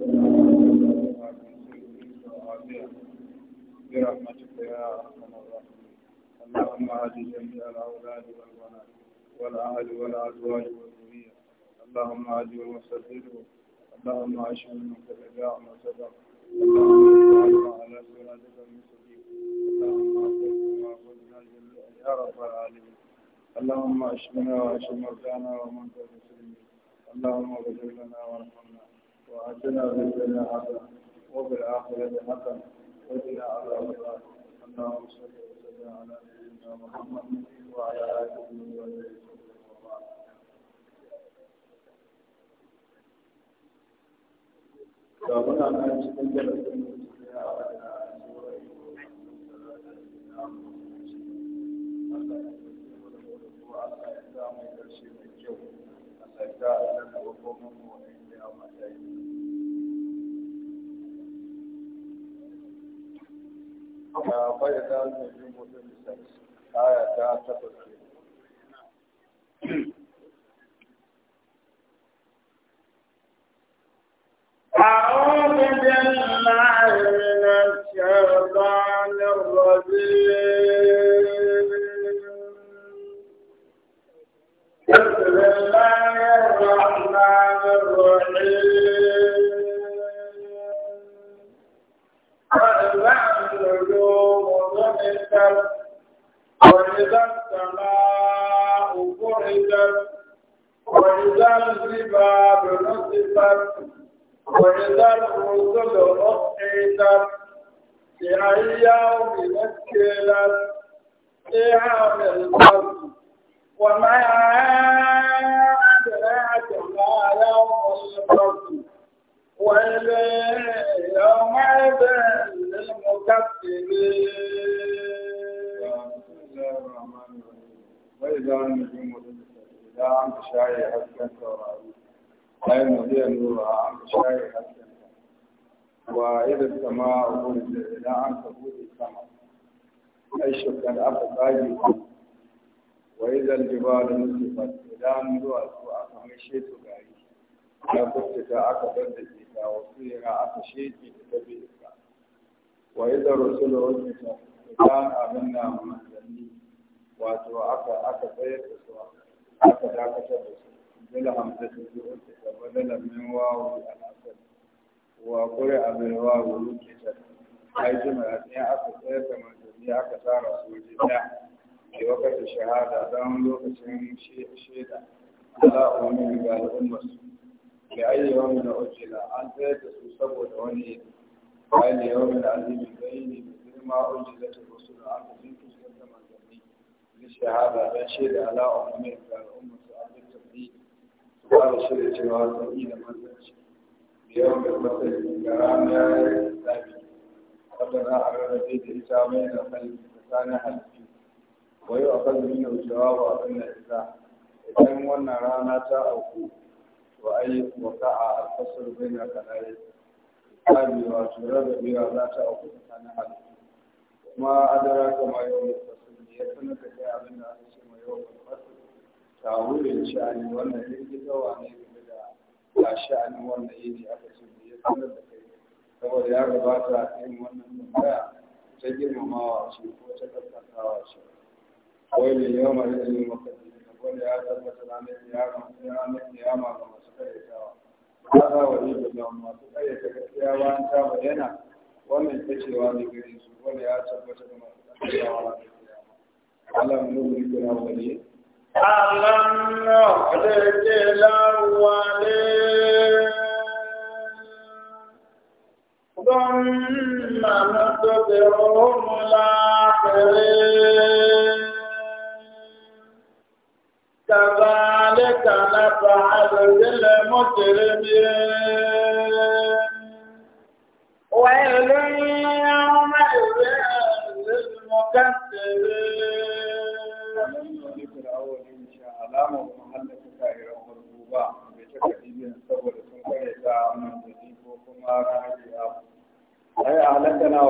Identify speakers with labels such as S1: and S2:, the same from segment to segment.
S1: برحمتك يا ارحم الراحمين اللهم اهد جميع الاولاد والبنات والاهل والازواج والذريه اللهم اجرهم وسددهم اللهم اشهد منك رجاء وصدق اللهم على صراطك المستقيم اللهم اغفرنا واغفرنا جميعا يا رب العالمين اللهم اشفنا واشف مرضانا ومرضى المسلمين اللهم اغفر لنا وارحمنا وآتنا في الدنيا حسنة وفي الآخرة حسنة وقنا عذاب النار اللهم صل وسلم على نبينا محمد وعلى آله وصحبه da muna a cikin darasin da ya da samun ƙarshe mai kyau a tsarka a nan da babban mamu wani da ya mata yi da bai da zai mutum misali aya ta tabbas
S2: أعوذ بالله من الشيطان الرجيم بسم الله فرجت وإذا السماء فرجت وإذا الجبال نصفت وإذا الرسل أقيتت لأي يوم أجلت قيام الفصل وما أدراك ما يوم الفصل وإليه
S1: don nufin mutum da an ka shaye hasken saurari ayin mutum ya nura an ka shaye hasken wa idan sama wurin idan an ka buɗe sama ai shukar aka tsage wa idan jibalu nusifat idan duwatsu aka maishe su gari ya kuskata aka dandake ta wasu yana aka sheke da tabi iska wa idan rusulu wakita idan abin na manzanni wato aka aka tsayar da su aka dakatar da su Bila bil hamzati bi usta badala min wawu al asad wa qura bil wawu rukita ai jama'a ne aka tsayar da manzanni aka tara su waje daya ke wakati shahada don lokacin shaida ala ummi ga al'ummar su da ayyawan da ujila an tsayar da su saboda wani ayyawan da da azimi bayani da girma ujila ta wasu da aka jinki shahada don shaida ala ummin ga al'umma su an bin tafi su shirya cewa sun da manzanci da yawan da masani ga ranar lissafi wadda na a rarrabe da ita mai da kalbi tsakanin halittu wayo a kalbi ne jawabu a kan na isa wannan rana ta auku to ai waka a alfasar bai na kanare tsari wato rarrabewa za ta auku tsakanin halittu kuma adara kamar yau ya tuna ka kai abin da aka ce mai yau ba ta wurin sha'ani wannan hirgitawa ne game da ga sha'ani wannan yini aka ce mai ya tuna da kai saboda ya gabata a yin wannan tambaya ta girmamawa ce ko ta kaskantawa ce wai ne yau mai ilimin makasiri wanda ya tabbata ranar kiyama ranar kiyama ga masu karyatawa hada wa ibada masu karyata gaskiya bayan ta bayyana wannan kacewa ne gare su wanda ya tabbata ga masu karyatawa ألم نهلك الأولين
S2: ألم نهلك الأولين ثم نتبعهم الآخرين كذلك نفعل بالمجرمين ويل يومئذ للمكذبين
S1: alama kuma hallaka ka'irar wasu ba bai ta kadibin saboda sun kare ta manzanni ko kuma kaji a ai a halaka na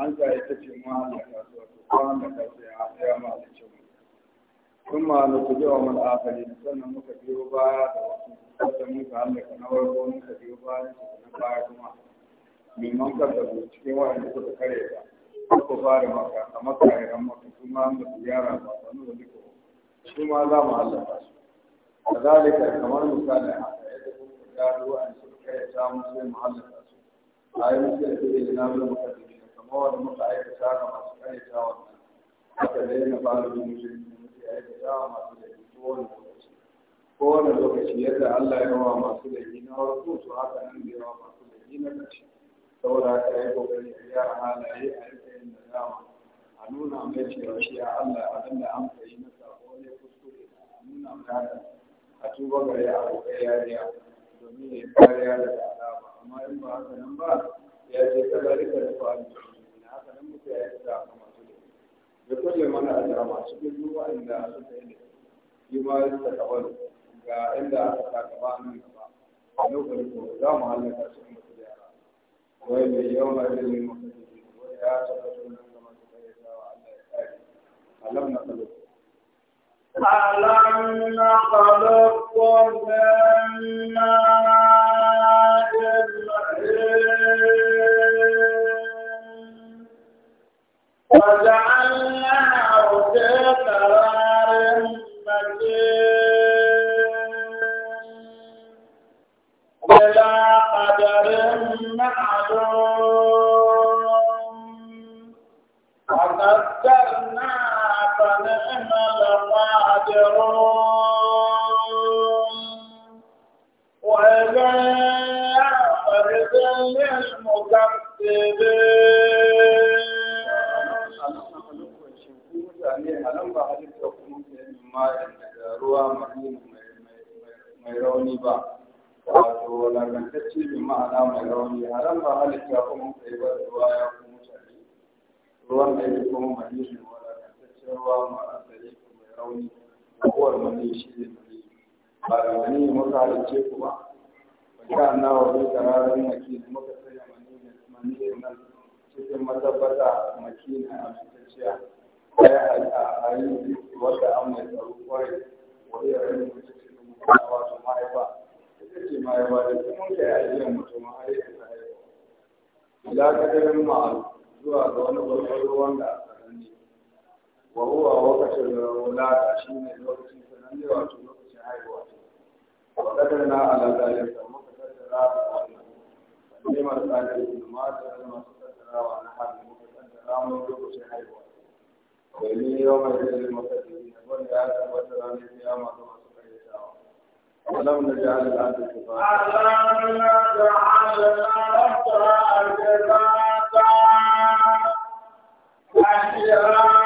S1: an tsaye ta ce mu halaka su wato ko halaka su ya tsaya ma da ce mu sun ma na wa mal'afari sannan muka biyo baya da wasu wanda muka halaka na warko muka biyo baya su na baya kuma mimman kasa su cikin waɗanda suka kare ta suka fara maka a makayaran maka kuma ba su gyara ba su ma za mu hallaka su kazalika kamar misali haka yadda kuma gano an su kai ta mu sai mu hallaka su a yi musu da ke na mu muka dinga kamar wanda muka aikata ga masu karyata wannan haka da yana ba da mu da muke aikata wa masu da ke wani lokaci kowane lokaci yadda Allah ya yawa masu da na wasu su haka nan da yawa masu da na kashi saboda haka ya kokari a gyara halaye a yi yin da dama a nuna mai cewa shi a Allah abinda an fahimta wani kuskure a nuna mutane a tuba gare a kai yariya domin ya kariya da alama amma in ba haka nan ba ya ce kada rika da fa'al na haka nan muka ya yi da masu da da kulle mana a alama cikin duba inda suka yi da yi ma ya ta kabalu ga inda aka ta a nan gaba a lokacin ko za mu halaka su in mutu da yara wai mai yawan ajiyar mutu da ya tabbata nan gama su kai ya sawa Allah ya kare
S2: alam na kalu ألم نخلقكم من ماء وجعلنا قادرون وإذا يعرض
S1: للمكذبين mai rauni ba wato walakantacce kuma da ya ruwa mara tsari rauni kowar mani shi ne mani ba da mani muka halice ku ba ba ta na wani bai kararin maki da muka sanya mani da mani nan cikin matabbata maki na amintacciya ɗaya a yi wadda an mai tsaro kwarai wani yaran da cikin mutuwa wato mahaifa ita ce mahaifa da kuma ta yi ajiyar mutum mahaifa ta haifa. Ila kadarin ma'a zuwa ga wani babban wanda. wa huwa waqtul wulada shine lokacin sananne wato lokacin haihuwa wa qadarna ala zalika muka kaddara wannan sanne ma tsari da ma masu kaddara wa na hali muka kaddara mu lokacin haihuwa
S2: wa ni yawma yadil
S1: mutaqin wanda ya tabbata ranar kiyama ga masu kayyatawa ولم نجعل الأرض كفاة ألم نجعل
S2: الأرض كفاة أحياء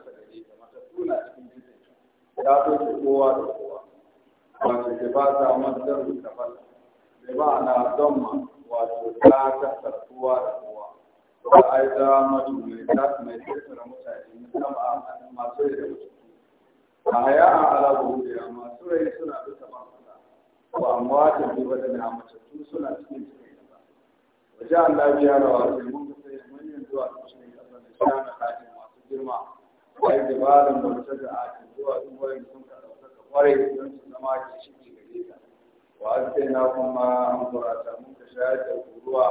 S1: ta ce kowa da kowa wato ke ba ta matsar da kafal da ba na zama wato ta tattar kowa da kowa ba a yi ta mace mai mai tattara mutane musamman masu yi da mutum a ya a alabu da masu rai suna bisa mafuta ba amma ta bi wadanda matattu suna cikin cikin kasa waje an lafiya rawa sai mun kusa yin manyan zuwa cikin kasa da shana ɗakin masu girma a yi dabarin bautar da ake addu'a duk wanda sun ka ɗaukaka kwarai don su zama ta
S2: wa azzaina kuma
S1: ka shayar da ruwa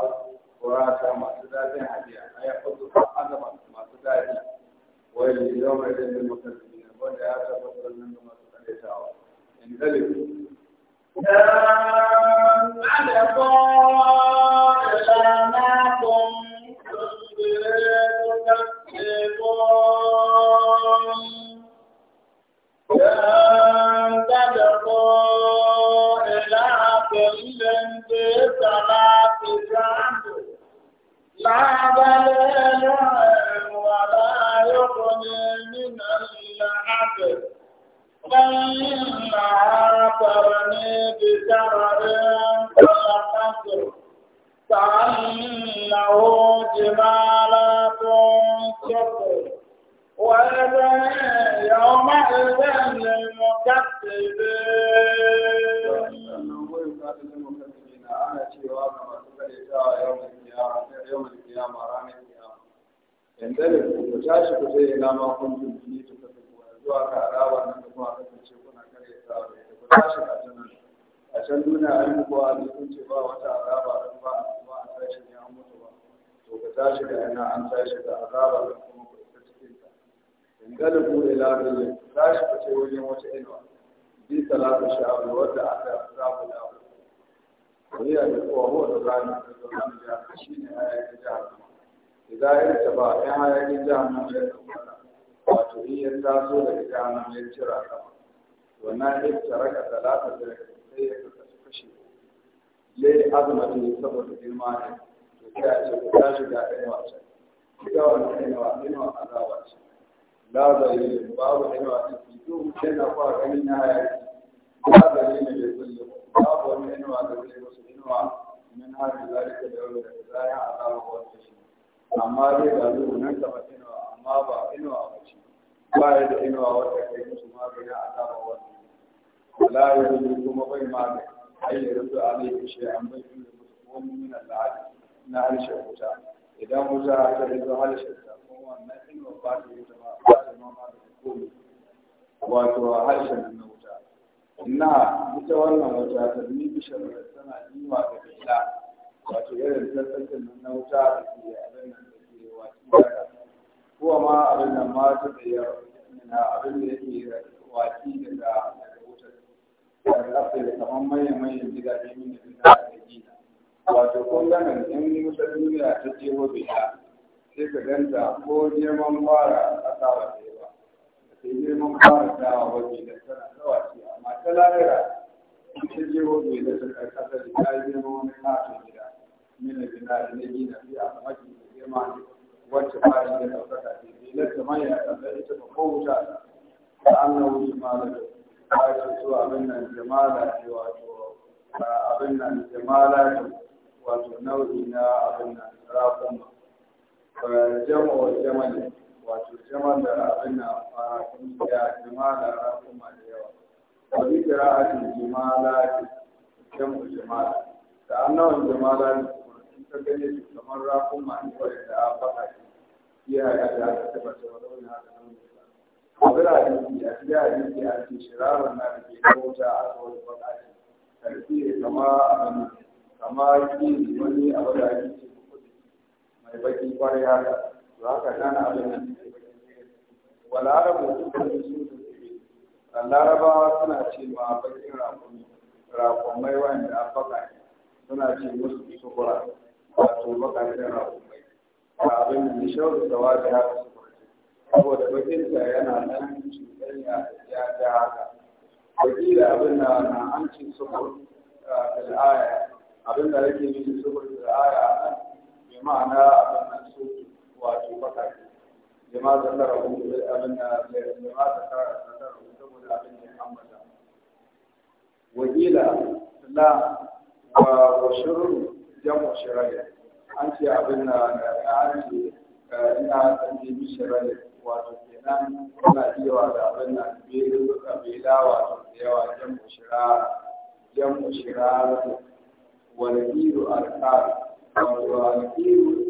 S1: kurata masu a ya azaba masu daɗi
S2: wai ne yau mai dalilin
S1: mutane wanda ya nan da ba ganin na hayaki ba gari ne da kulle babu wani inuwa da zai musu inuwa min hannun zalika da yau da zai zayen azaba ko wata shi amma zai ga zuwa nan kamar inuwa amma ba inuwa ba ce ba ya da inuwa wata kai musu magani a ko wata shi wala ya rubu kuma bai magani ai ya rubu alaihi shay'an bai rubu komai min al'adi na harshen wuta idan wuta ta rubu harshen ta kuma wannan inuwa ba ta yi ta ba ta noma da komai wato a harshen na wuta na ita wannan wata ta biyu bishar da tana jima da bila wato irin tattalin na wuta da ke abin nan da ke wato kuwa ma abin nan ma ta da ya na abin da yake wati daga daga wutar da kafa da kaman manyan manyan gidaje min da suna da gina wato kun ganin in wutar duniya ta je wa bila sai ka ganta ko neman fara ƙasa ba ta sai dai mun fara dawa wajen da tana ce, amma ta lahira Ta ce wajen da ta karkata da ta yi neman wani katon gida mina gina da na gina fi a maki da girma wacce ba shi da ɗaukaka ne da ilata mai a ɗanda ita ba ko wuta da an na wuce malar da ba ce su abin nan jamala ne wato abin nan jamala ne wato nau'i na abin nan rafin eh, jam'a wa jama'a wato jama da abin fara kungiya jama da rakuma da yawa wani kira'atin jimala ce jamu jimala da annawan jimala ne ta gane su kamar rakuma ne wadda da a faɗa shi ya ya da ta tabbata wa lauyi haka nan a birane a cikin hadisi a ce shirarar na da ke kauta a tsawon faɗa shi karfi kama abin kama wani abu da ake ce mai baki kwarai haka to haka kana abin da wal arabu sun su larabawa suna ce ma bakin rakumi rakumai wanda an baka suna ce musu sukura wato bakakken rakumai a abin da nishau da wa da haka sukura saboda bakin da yana nan cuɗanya ya da haka Baki da abin da na an ce sukur da eh, aya abin da yake nufi sukur da aya a nan bi ma'ana abin da wato baka jama'a da rabu abin da jama'a da rabu saboda abin da ya ambata wakila la wa wa shuru jamu shiraya an ce abin da an ce ina san ji bi wato kenan ana iya wa da abin da bai duka bai da wato da yawa jamu shira jamu shira wani kiru al kar wato al kiru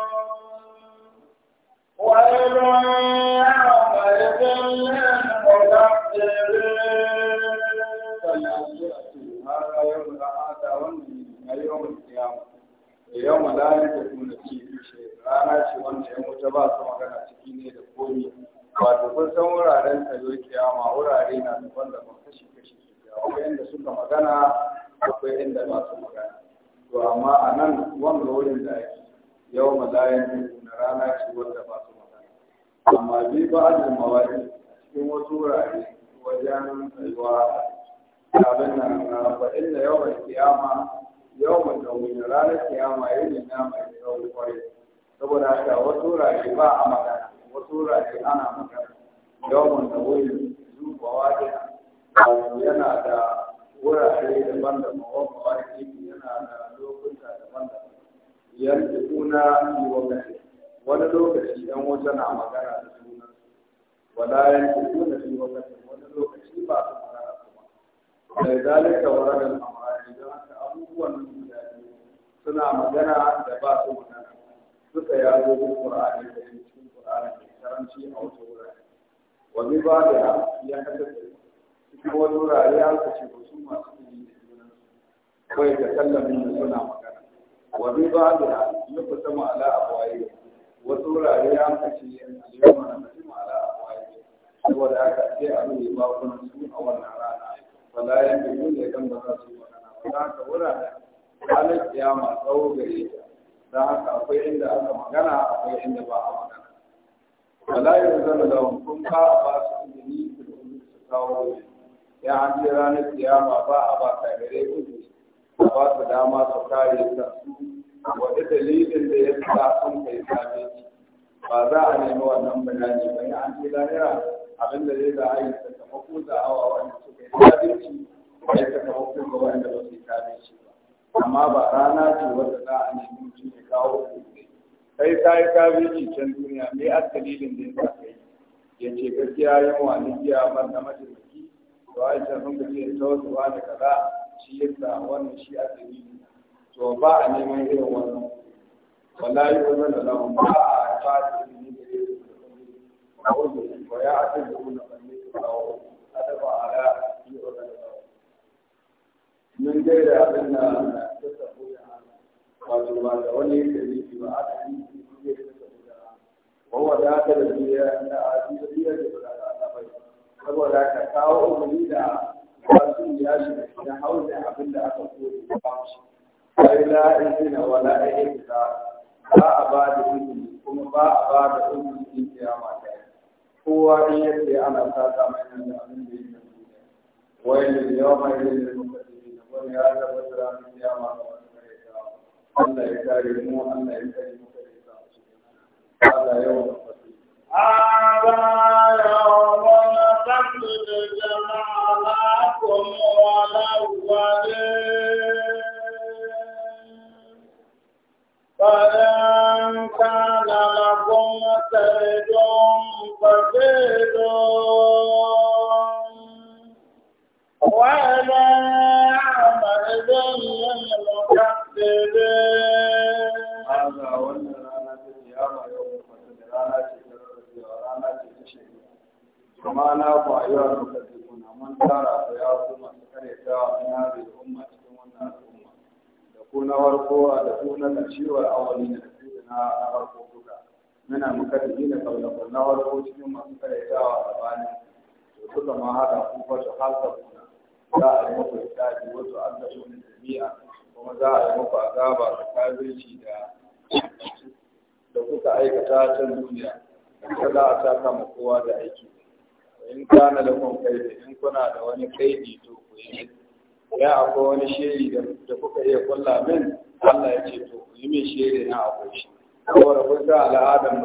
S1: ويل يومئذ a yau wannan a da yau ma ya ta rana ce wanda ya mutu ba su magana ciki ne da komi wato kun san wuraren na daban inda suka magana inda su magana to amma a nan wanda da yau ma ya rana ce wanda ba amma bi ba a da mawari cikin wasu wurare wajen tsayuwa abin nan na faɗin da yawan kiyama yawan da wani ranar kiyama yini na mai tsawon kwarai saboda haka wasu wurare ba a magana wasu wurare ana magana yawan da wani zubawa da yana da wurare daban-daban wani yana da lokuta daban-daban yanzu kuna yi wa gari wani lokaci ɗan wuta na magana da sunan wala ya ce suna shi wakati wani lokaci ba su magana kuma da zalika waradar amari da haka abubuwan da suna magana da ba su magana suka ya zo cikin da da cikin qur'ani da karanci a wata wurare Wani ba da ya kasance cikin wani wurare ya ce wasu masu ilimi da sunan kawai da kallamin suna magana Wani ba da ya kusa ma'ala a bayan wasu wurare ya kace yau mana mutum ala awaye saboda haka sai abin ya ba kuna su a wannan rana wala ya bi mun da kan ba za su magana ba Za haka wurare ranar kiyama tsawo gare ta don ka akwai inda aka magana akwai inda ba a magana Ba wala ya zama da kun ba a ba su izini su domin su kawo ya an ranar kiyama ba a ba ka gare ku ba su dama su kare kansu wani dalilin da ya sa sun kai sami shi ba za a nemi wannan bayani ba ya an tila lahira abin da zai da a yi sakamako da awa wanda suka yi same shi ba ya ko ga wanda ba su yi shi ba amma ba rana ce wata za a nemi mutum ya kawo kuɗi kai ta yi kabeji can duniya me a dalilin da ya sa kai ya ce gaskiya yin wa nijiya ban na mataimaki to a yi ta sun gaji ya ba wani kaza shi sa wannan shi a dalilin to ba a neman irin wannan wallahi wani da lamun ba a ta da ne da ya yi da kuma ba ya a cikin wani ɓanne ta kawo ba a ya yi wani da
S2: min dai da abin na
S1: ta sabo wato ba da wani yake ba a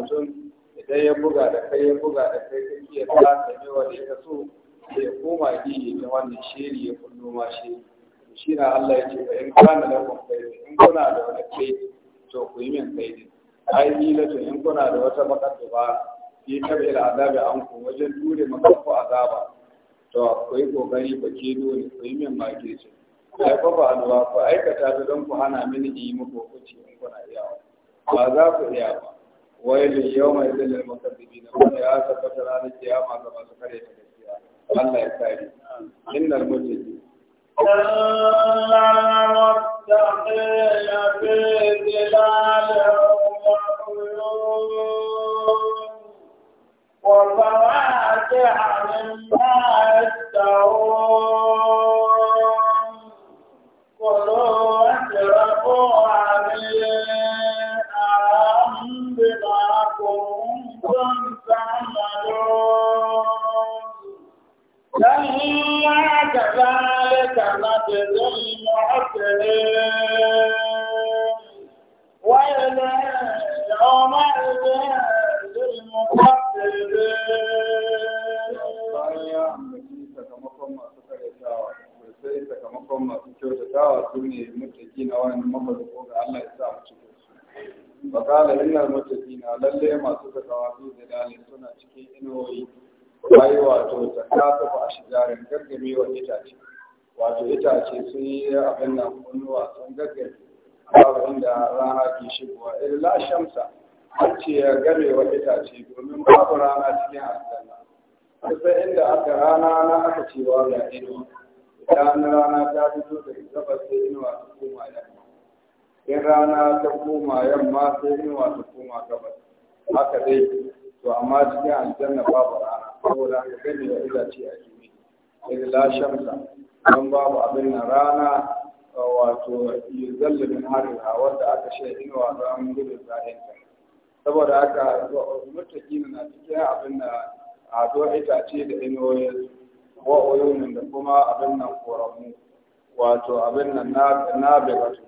S1: mutum idan ya buga da kai ya buga da kai ka iya ta same ne da ya so ya koma gihe ta wannan shiri ya kullu ma shiri shi na Allah ya ce ba in kana da kun kai in kuna da wani kai to ku yi min kai ne ai ni la to in kuna da wata makaddu ba ya tabi al azabi an ku wajen dure makaffu azaba to ku yi kokari ba ke dole ku yi min ke ce ai fa ba alwa ku aikata ta don ku hana mini yi muku kuci in kuna iyawa ba za ku iya ba wailun yawma idin lil mukazzibin wanda ya tabbata ranar kiyama ga masu kare ta gaskiya Allah ya kare innal mujrimin
S2: وفواكه مما يشتهون كذلك نجزي المحسنين ويل يا
S1: وقال إن المتقين للي ما سبق وفي يا سنة كي إنه wai wato ba a shigarin gaggame wa itace wato itace sun yi abin nan kunnuwa sun a babu da rana ke shigowa illa shamsa an ce ya game wa itace domin babu rana cikin aljanna kusa inda aka rana na aka cewa ga inuwa idan rana ta fito da ba sai inuwa ta koma yamma in rana ta koma yamma sai inuwa ta koma gabas haka dai to amma cikin aljanna babu rana saboda ka gani da illa ce a kimi la shamsa. don babu abin na rana wato yi zalla min hariha wanda aka sha inuwa don gudun zahinta saboda aka mutaki na cikin abin da a doa ce da inuwa inuwoyin wa'oyoyin da kuma abin nan koramu wato abin nan na begatu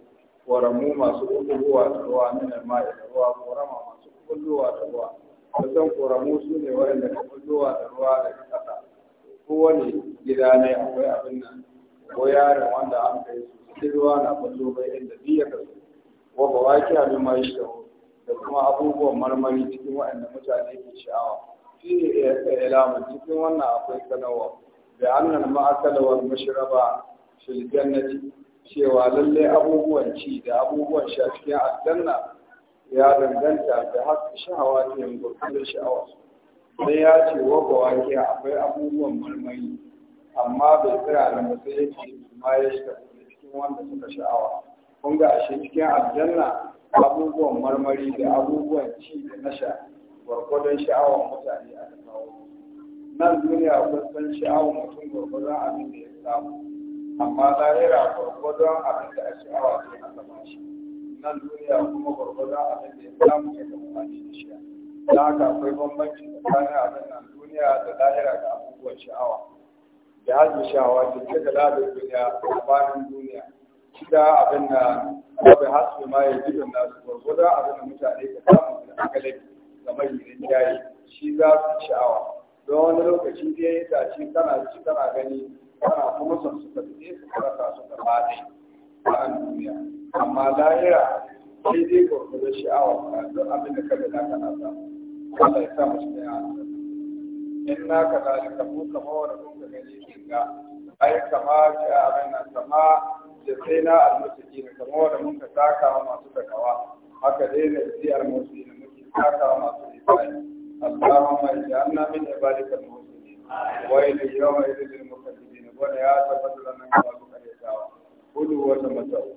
S1: koramu masu kukulluwa da ruwa na mai da ruwa korama masu kukulluwa da ruwa kusan ƙoramu su ne waɗanda ka fitowa da ruwa daga ƙasa kowane gida ne akwai abin nan ko yaron wanda an kai su cikin ruwa na fito bai inda biya ka su wa ba waki abin ma shi da kuma abubuwan marmari cikin wa'anda mutane ke sha'awa shi ne ilamin cikin wannan akwai sanarwa da annan ma'akalawar mashiraba fil jannati cewa lallai abubuwan ci da abubuwan sha cikin aljanna ya danganta da haka sha'awa ta yin da sha'awa sai ya ce wa wake akwai abubuwan marmari amma bai tsira da mutum ya ce ma ya shi tafi cikin wanda suka sha'awa kun ga ashe cikin aljanna abubuwan marmari da abubuwan ci da na sha gwargwadon sha'awar mutane a kawo nan duniya kusan sha'awar mutum gwargwadon abin da ya samu amma lahira gwargwadon abin da a sha'awa sai a zama shi nan duniya kuma gwargwadon abin da ya samu ya amfani da shi da haka akwai bambanci tsakanin abin nan duniya da lahira ga abubuwan sha'awa da hajji sha'awa ta ce da ladar duniya a bayan duniya shida abin da wabi hasu ma ya ji don nasu gwargwadon abin da mutane ka samu da agalabi ga mahirin jayi shi za su sha'awa don wani lokaci da ya tashi kana ci kana gani kana kuma son su ka su karasa su karɓa ɗaya a duniya amma lahira sai dai gwargwadon sha'awa ka don abin da ka ga na kana sa Allah ya sa mu cikin hannu in na ka zalika mu kama wani kun ka gani shi? ga ai kama ka abin nan kama da sai na almusiki ne kama wanda mun ta takawa masu takawa haka dai da zai almusi ne muke takawa masu ibadi Allahumma ij'alna min ibadika al-muhsinin wa ila yawmi idil mukaththibin wa ya tafaddala nan ka ku kare dawa kudu wa tamattu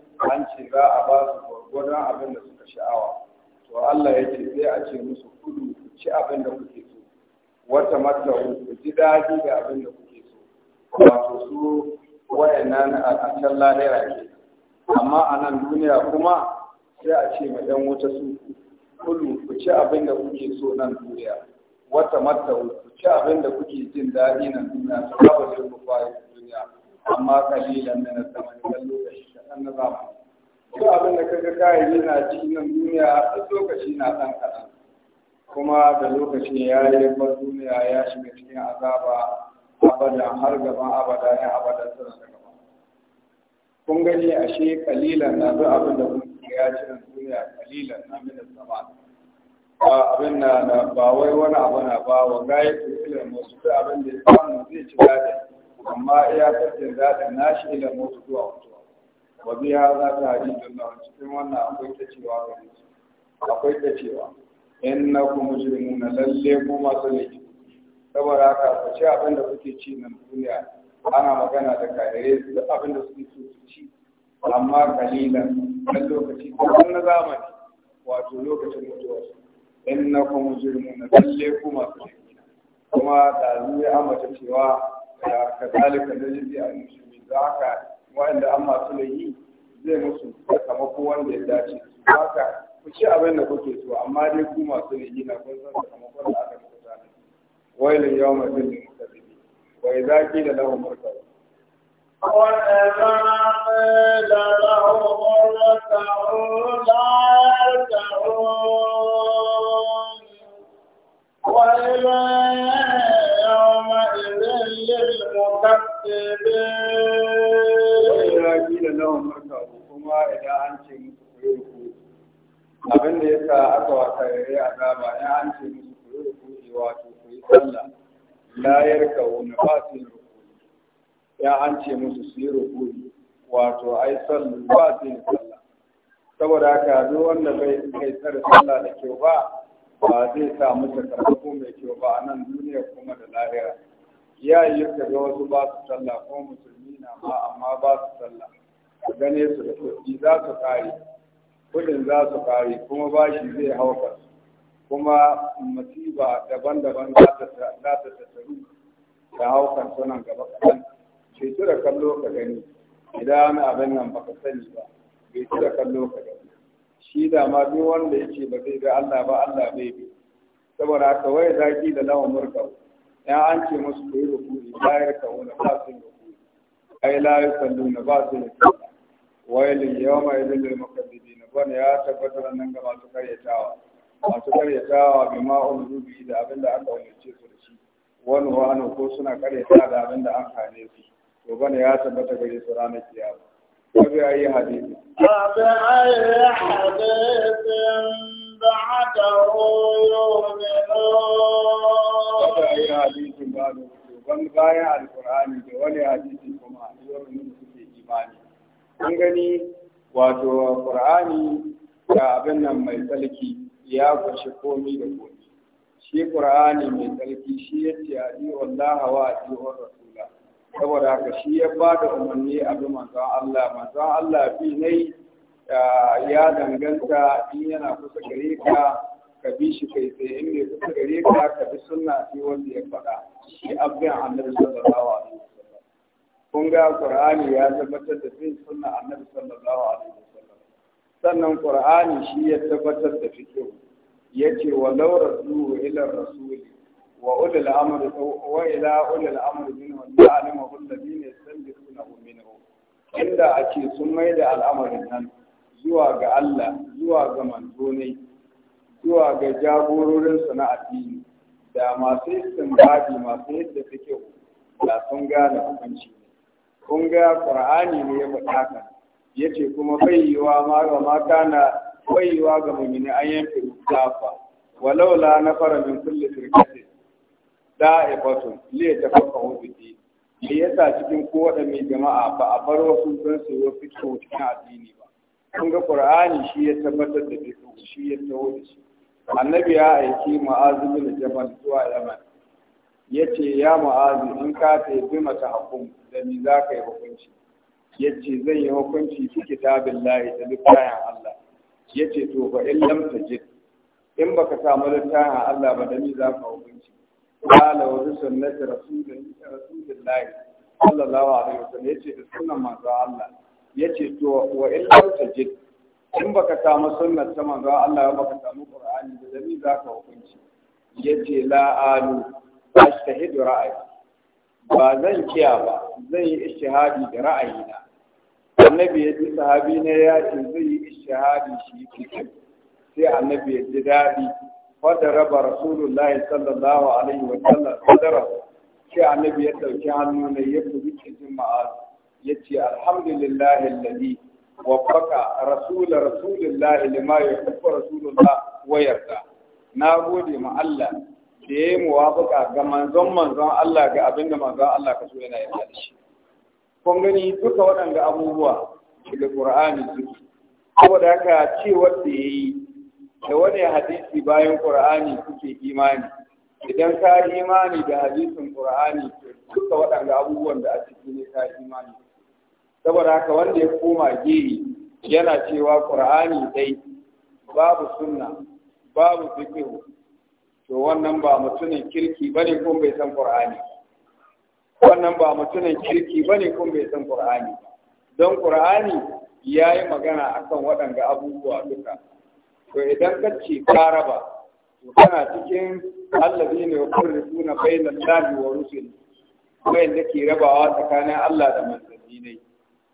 S1: an ce za a ba su gwargwadon abin da suka sha'awa to Allah ya ce sai a ce musu kudu ku ci abin da kuke so wata mata ku ji daɗi da abin da kuke so wato su wayannan a kan lahira ke amma a nan duniya kuma sai a ce mai dan wuta su kudu ku ci abin da kuke so nan duniya wata mata ku ci abin da kuke jin daɗi nan duniya su ba ba duniya amma kalilan na zamanin lokaci annaba duk abin da kaga kayayi na cikin duniya a lokaci na ɗan kaɗan kuma da lokaci ya yi bar duniya ya shiga cikin azaba abada har gaban abada ya abada suna da gaba kun gani ashe kalilan na duk abin da kun ya ci cikin duniya kalilan na min Ba abin na na ba wai wani abu na ba wa gaye ilimin wasu duk abin da ya samu zai ci daɗin amma iya iyakar da daɗin nashi ilimin wasu zuwa mutum wa za ta hadisun nan cikin wannan akwai ta cewa gare su akwai ta cewa in na ku mujrimu na lalle ku masu laifi saboda haka ku ci abin da kuke ci nan duniya ana magana da kare da abin da suke so su ci amma kalilan na lokaci kaɗan na zamani wato lokacin mutuwarsu in na ku mujrimu na lalle ku masu laifi kuma da zuwa amata cewa ka zalika da jizi a yanzu za ka wa'anda an masu yi zai musu sakamako wanda ya dace haka ku ci abin da kuke so amma dai ku masu laifi na kun san kama da aka rubuta ne wailin yau mai bin mutaddibi wai da lahu murtad
S2: وإذا قيل له اركعوا لا يركعون ويل
S1: da nawa lahum irka'u kuma idan an ce musu ku yi ruku abin da sa aka wata yare azaba ya an ce musu ku yi ruku eh, wato ku yi sallah la yarka'u wani ba su yi ruku ya an ce musu su yi ruku wato ai sallu ba su yi sallah saboda haka duk wanda bai kai tsare sallah da kyau ba ba zai samu sakamako mai kyau ba a nan duniya kuma da lahira ya yi ka ga wasu ba su sallah ko musulmi na ma amma ba su sallah a gane su da kuɗi za su ƙare kuɗin za su ƙare kuma bashi zai hauka kuma masiba daban-daban za ta tattaru da haukan sunan gaba kaɗan ceto da kallo ka gani idan abin nan ba ka sani ba bai ci da kallo ka gani shi da ma duk wanda ya ce ba zai ga Allah ba Allah bai bi saboda haka wai zaki da lawan murkawa ya an ce masu ku yi rukuni ya ka wani ba su rukuni ai layu sallu na ba su yi rukuni wailin yau mai lullu makaddibi na bane ya tabbatar nan ga masu karyatawa masu karyatawa bi ma'un zubi da abin da aka umarce su da shi wani wani ko suna karyata da abin da an kane su to bane ya tabbata gare su ranar kiyama. Wabi ayi hadisi. Wabi ayi hadisi ba bayan alkur'ani da wani hadisi kuma suke imani an gani wato qur'ani da abin nan mai tsarki ya kunshi komi da komi shi qur'ani mai tsarki shi ya ce adi wallahi wa adi rasula saboda haka shi ya ba da umarni a bi manzon Allah manzon Allah bi nai ya danganta in yana kusa gare ka ka bi shi kai tsaye in bai kusa gare ka ka bi sunna shi wanda ya faɗa shi abin annabi sallallahu alaihi wasallam kun ga qur'ani ya tabbatar da bin sunna annabi sallallahu alaihi wasallam sannan qur'ani shi ya tabbatar da fiqh yace wa law rasulu ila rasuli wa ulil amri wa ila ulil amri minhum ya'lamu alladhina yastanbitunahu minhum inda ake sun mai da al'amarin nan zuwa ga Allah zuwa ga manzonai zuwa ga jagororinsu na addini da masu istinbadi masu yadda suke da sun gane hukunci kun ga qur'ani ne ya faɗa Ya yace kuma bayyawa ma ga mata na bayyawa ga mu'mini an yanke zafa walau la fara min kulli firqatin da'ifatun li yatafaqahu bi din me yasa cikin kowaɗanne jama'a ba a bar wasu don su yi wasu cikin addini ba kun ga qur'ani shi ya tabbatar da duk shi ya taho da shi annabi ya aiki ma'azu bin jabal zuwa yaman yace ya ma'azu in ka yi mata hukum da ni za ka yi hukunci yace zan yi hukunci fi kitabillahi da littafin Allah yace to fa in lam tajid in baka samu littafin Allah ba da ni za ka hukunci qala wa bi sunnati rasulillahi sallallahu alaihi wasallam yace da sunnan manzo Allah Ya ce to wa in lam tajid in baka samu sunnar ta manzo Allah ya baka samu Qur'ani da zami zaka hukunci yace la alu ashtahidu ra'ayi ba zan kiya ba zan yi ishtihadi da ra'ayina annabi ya ji sahabi ne ya ce zai yi ishtihadi shi cikin sai annabi ya ji daɗi wadda raba rasulullahi sallallahu alaihi wa sallam sadara sai annabi ya ɗauki hannu ne ya fi kirjin ma'azu Ya yace alhamdulillahi alladhi waffaka rasul rasulillahi lima yuhibbu rasulullah wa wayarta. na gode ma Allah da ya yi muwafaka ga manzon manzon Allah ga abinda manzon Allah ka so yana yarda da shi kun gani duka waɗanda abubuwa daga Qur'ani suke saboda ce wanda ya yi, da wani hadisi bayan Qur'ani kuke imani idan ka imani da hadisin Qur'ani duka waɗanda abubuwan da a ciki ne ka imani saboda haka wanda ya koma gini yana cewa qur'ani dai babu sunna babu fiqh to wannan ba mutumin kirki bane kun bai san qur'ani wannan ba mutumin kirki bane kun bai san qur'ani don qur'ani yi magana akan waɗanda abubuwa duka to idan ka ce ka raba to kana cikin allazi ne wa suna bainal lahi wa rusul wayanda ke rabawa tsakanin Allah da manzanni ne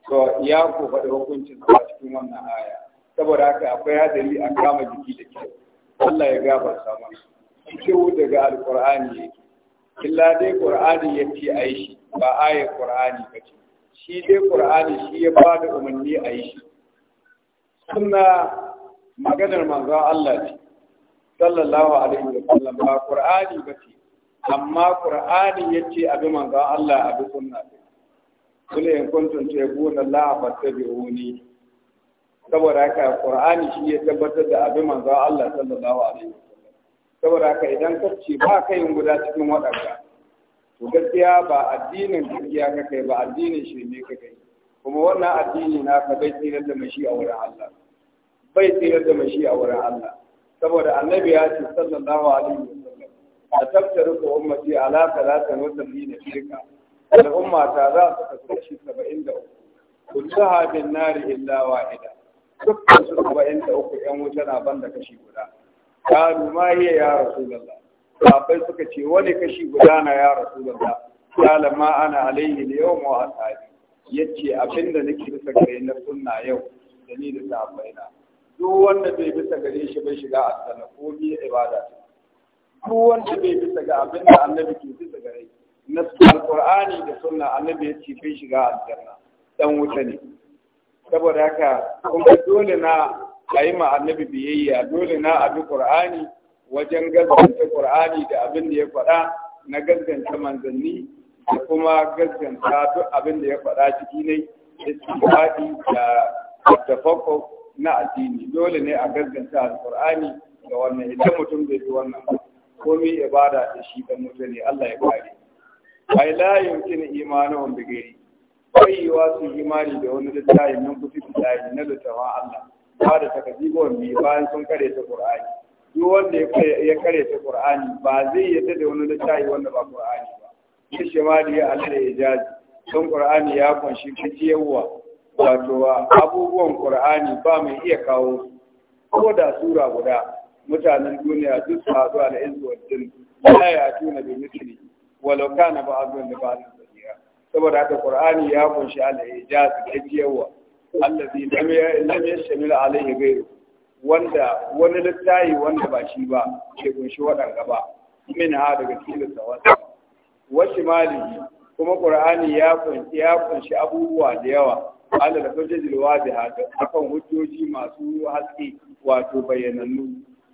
S1: to ya ku faɗi hukuncin a cikin wannan aya saboda haka akwai hadari an kama jiki da kyau Allah ya gafarta mana kyau daga alqur'ani yake illa dai qur'ani yace ayi shi ba aya qur'ani kace shi dai qur'ani shi ya bada umarni ayi shi sunna maganar manzon Allah ce sallallahu alaihi wa sallam ba qur'ani bace amma qur'ani yace abi manzon Allah abi sunna ce kule in kuntum tuhibuna Allah fattabi'uni saboda haka Qur'ani shi ya tabbatar da abin manzo Allah sallallahu alaihi wasallam saboda haka idan ka ce ba kai yin guda cikin waɗanda to gaskiya ba addinin gaskiya ka kai ba addinin shi ne ka kai kuma wannan addini na ka bai tsira da mashi a wurin Allah bai tsira da mashi a wurin Allah saboda annabi ya ce sallallahu alaihi wasallam a tabtaru ko ummati ala salatan wa sabina shirka al'umma ta za su kasu kashi saba'in da uku kulluha bin nari illa wahida dukkan su saba'in da uku yan wuta na ban da kashi guda qalu ma hiya ya rasulullah sahabbai suka ce wani kashi guda na ya rasulullah qala ma ana alayhi al-yawm wa ashabi yace abinda nake bisa gare na sunna yau da ni da sahabbai na duk wanda bai bisa gare shi bai shiga aljanna ko bi ibada duk wanda bai bisa ga abinda annabi ke bisa gare shi nasu alkur'ani da sunna annabi ya ce shiga aljanna dan wuta ne saboda haka kuma dole na a yi ma annabi biyayya dole na bi qur'ani wajen gaskanta qur'ani da abin da ya faɗa na gaskanta manzanni da kuma gaskanta duk abin da ya faɗa ciki ne istifadi da tafakko na addini dole ne a gaskanta alqur'ani da wannan idan mutum bai bi wannan komai ibada da shi dan ne Allah ya kare Bai la yumkinu imanuhum bi ghairi koyewa su imani da wani littafi nan kusa littafi na littafin Allah ba da takazibon bi bayan sun kare ta Qur'ani duk wanda ya kare ta Qur'ani ba zai yadda da wani littafi wanda ba Qur'ani ba shi shimali ya Allah ya jaji don Qur'ani ya kunshi kaciyarwa wato abubuwan Qur'ani ba mai iya kawo ko da sura guda mutanen duniya duk su haɗu da izuwa din ya tuna bi walau kana da ba da zahira saboda haka qur'ani ya kunshi al-ijaz gajiyawa allazi lam lam yashamil alayhi ghayru wanda wani littayi wanda ba shi ba ke kunshi waɗanga ba min ha daga cikin tsawarsa wasu mali kuma qur'ani ya kunshi ya kunshi abubuwa da yawa Allah da hujjajil haka akan hujjoji masu haske wato bayyanannu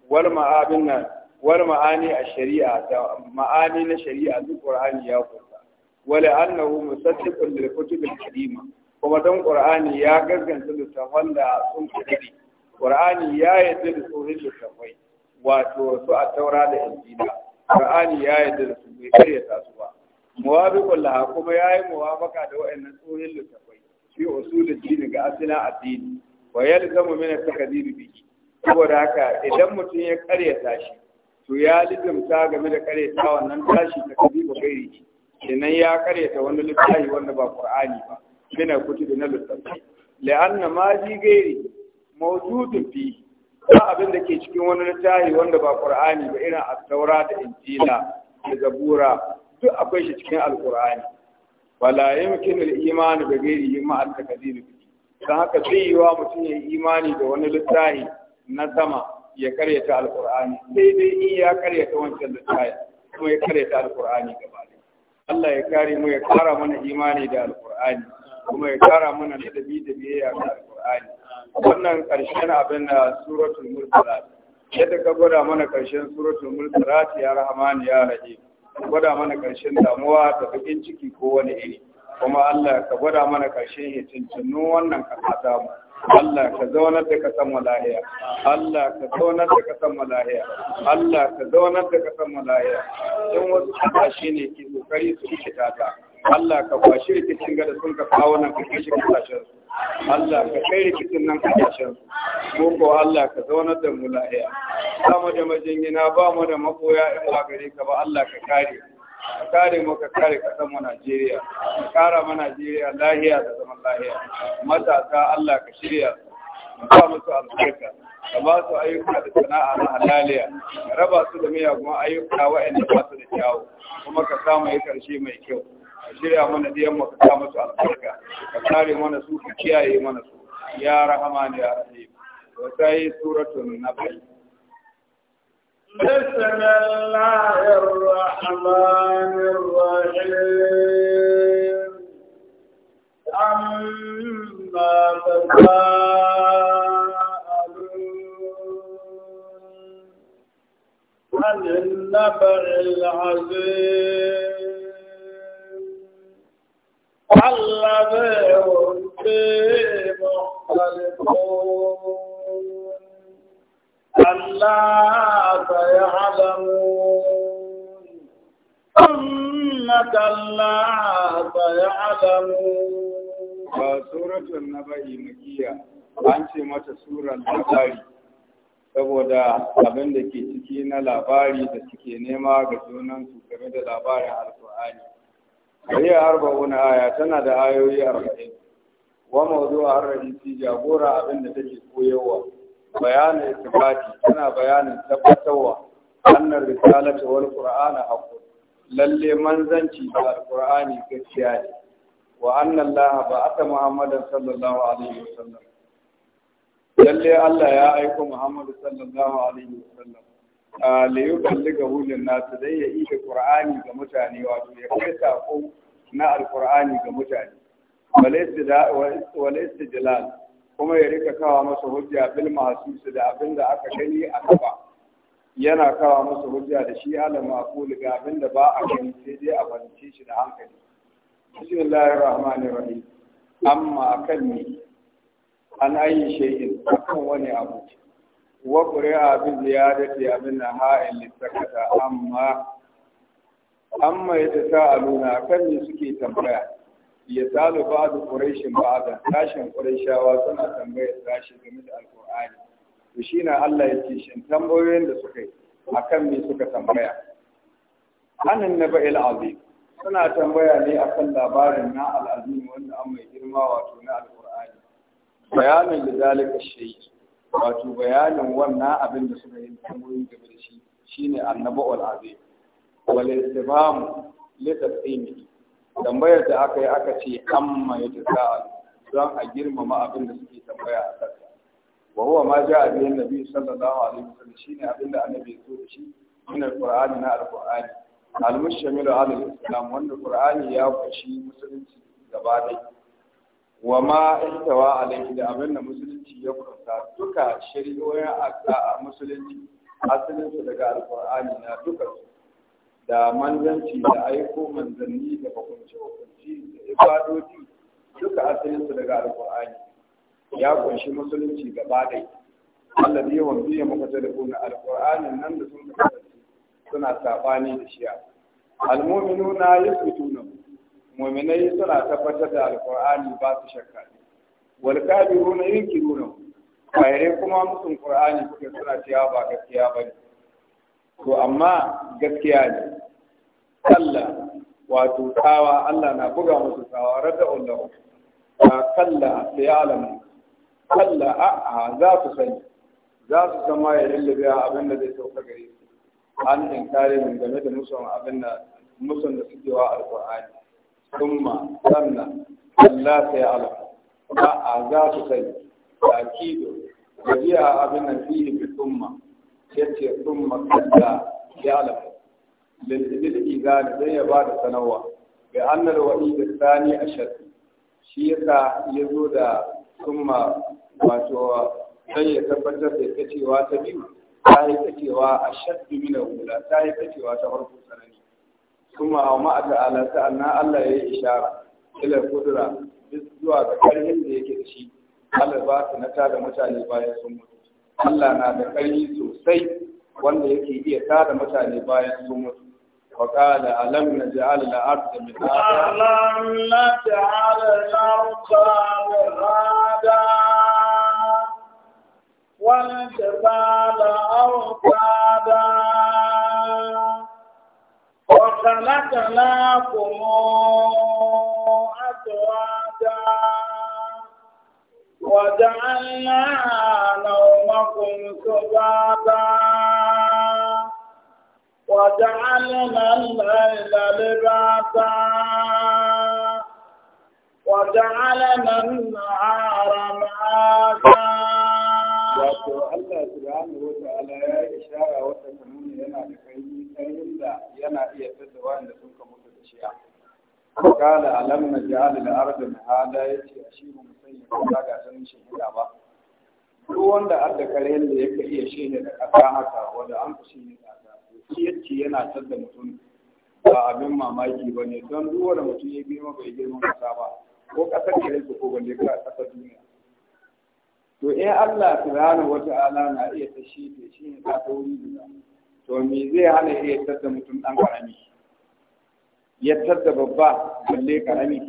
S1: wal ma'abin nan wal ma'ani a shari'a da ma'ani na shari'a duk qur'ani ya kunsa wala annahu musaddiqun lil kutub al qadima kuma dan qur'ani ya gaskanta littafan da sun kudi qur'ani ya yadda da tsohon littafai wato su a taura da injila qur'ani ya yadda da su bai karyata su ba muwafiqul laha kuma yayi muwafaka da wa'annan tsohon littafai fi usulul din ga asila addini wa yalzamu min at-takdhib bihi saboda haka idan mutum ya karyata shi to ya lizimta game da ta wannan tashi ta kabi ba gairi kenan ya ta wani littafi wanda ba qur'ani ba bina kutubi na littafi la'anna ma ji gairi mawjudu fi ba abin da ke cikin wani littafi wanda ba qur'ani ba irin at-taura da injila da zabura duk akwai shi cikin al-qur'ani wala yumkin al-iman bi ghairihi ma al-takdir dan haka sai yiwa mutum ya imani da wani littafi na sama ya karyata alkur'ani sai dai in ya karyata wancan littafin kuma ya karyata alkur'ani gaba Allah ya kare mu ya kara mana imani da alkur'ani kuma ya kara mana ladabi da biyayya ga alkur'ani wannan karshen abin na suratul mursalat yadda ka gwada mana karshen suratul mursalat ya rahman ya rahim gwada mana karshen damuwa da bakin ciki ko wani iri kuma Allah ka gwada mana karshen hitincinu wannan kasa mu Allah ka zaunar da kasan walahiya Allah ka zaunar da kasan walahiya Allah ka zaunar da kasan walahiya in wasu shi ne ke kokari su yi ta Allah ka kwashi rikicin gada sun ka kawo nan ka shi kasashen
S2: su Allah
S1: ka kai rikicin nan kasashen su ko Allah ka zaunar da mu lahiya ba mu da majinyina ba mu da makoya in ba gare ka ba Allah ka kare ka kare mu kare kasar mu Najeriya ka kara mu Najeriya lahiya da zaman lahiya matasa Allah ka shirya ka ba musu albarka ka ba su ayyuka da sana'a na halaliya ka raba su da miyagun ayyuka waɗanda ba su da kyawu kuma ka samu ya karshe mai kyau ka shirya mana diyan mu ka sa musu albarka ka kare mana su ka kiyaye mana su ya rahama ya rahim wa sai suratul nahl
S2: بسم الله الرحمن الرحيم عما تساءلون عن النبع العظيم الذي هم فيه مختلفون كلا سيعلمون
S1: ثم كلا سيعلمون an ce mata surar labari saboda abin da ke ciki na labari da suke nema ga junansu game da labarin alfahari Ariya arba'una aya tana da ayoyi arba'in wa mawdu'a ar-rahisi jagora abin da take koyarwa bayanin tabbati tana bayanin tabbatarwa annar risalata wal qur'ana haqqu lalle manzanci da alqur'ani gaskiya ne wa anna allaha ba'atha muhammadan sallallahu alaihi wasallam lalle Allah ya aiko Muhammad sallallahu alaihi wasallam a le yuballiga hulun nasu dai ya ita Qur'ani ga mutane wato ya kai sako na alqur'ani ga mutane walaysa da walaysa jalal kuma ya rika kawa masa hujja bil mahsusi da abin da aka gani a kafa yana kawa masa hujja da shi ala maqul ga abin da ba a gani sai dai a fahimce shi da hankali bismillahir rahmanir rahim amma kalmi an ayi shay'in akan wani abu wa qur'a bi ziyadati abin ha'il litakata amma amma yatasaaluna kalmi suke tambaya ya talu ba'du quraishin ba'da tashin quraishawa suna tambayar tashi game da Alƙur'ani. to shine Allah ya ce shin tambayoyin da suka yi kan me suka tambaya anan naba'il azim suna tambaya ne akan labarin na al'azim wanda an mai girma wato na Alƙur'ani. bayanin da zalika shay'i wato bayanin wannan abin da suka yi tambayoyi game da shi shine annaba'ul azim wal istibam li tasdimihi tambayar da aka yi aka ce amma ya tasa don a girmama abin da suke tambaya a kansa wa huwa ma ja'a bi annabi sallallahu alaihi wasallam shine abin da annabi ya zo shi min alqur'ani na alqur'ani al-mushamilu ala al-islam wanda qur'ani ya kunshi musulunci gaba dai wa ma ihtawa alaihi da abin da musulunci ya kunsa duka shari'o'in a musulunci asalin su daga alqur'ani na duka su da manzanci da aiko manzanni da hukunci hukunci da ibadodi duka asalinsu daga alkur'ani ya kunshi musulunci gaba ɗaya Allah biyu wa biyu muka ta da alkur'ani nan da sun kasance suna sabani da yi almu'minuna yusbituna mu'minai suna tabbatar da alkur'ani ba su shakka wal kafiruna yunkiruna kayare kuma musun qur'ani suke suna cewa ba gaskiya bane to amma gaskiya ne kalla wato tsawa Allah na buga musu tsawa rada ullahu a kalla da ya alamu kalla a za su sani za su zama ya lullube abin da zai sauka gare su an in kare min game da musun abin da musun da suke wa alqur'ani thumma sanna kalla ta ya alamu a za su sani takido da biya abin nan fihi bi thumma yace thumma kalla ya alamu lil izan dan ya ba da sanarwa bi annal wa'id thani ashad shi yasa yazo da kuma wato dan ya tabbatar da ita cewa ta biyu ta yi ta cewa ashad min al-ula ta yi ta cewa ta farko sanani kuma a ma ta'ala sa'anna Allah ya yi ishara kudura duk zuwa ga karhin da yake da shi Allah ba su na tada mutane bayan sun mutu Allah na da ƙarfi sosai wanda yake iya tada mutane bayan sun mutu وقال ألم نجعل الأرض مهادا ألم نجعل الأرض مهادا
S2: والجبال أوتادا وخلقناكم أزواجا وجعلنا نومكم سباتا وجعلنا الليل لباسا وجعلنا النهار معاشا
S1: wato Allah subhanahu wata'ala ya ishara wata kanuni yana da kai kayan da yana iya tada wanda sun ka mutu da shi'a kala alam na ja'al al-ardu mihada yace shi ba mu sanya kaza ga sanin shi ba duk wanda Allah kare da yake iya shine da kasa haka wanda an fushi ne kasa ciyarci yana tar da mutum ba abin mamaki ba ne don duk wanda mutum ya girma bai girma kasa ba ko kasar gare su ko balle ka kasar duniya to in Allah subhanahu wata'ala na iya ta shi to shi ne ta tauri da to me zai hana iya tar da mutum dan karami ya tar da babba balle karami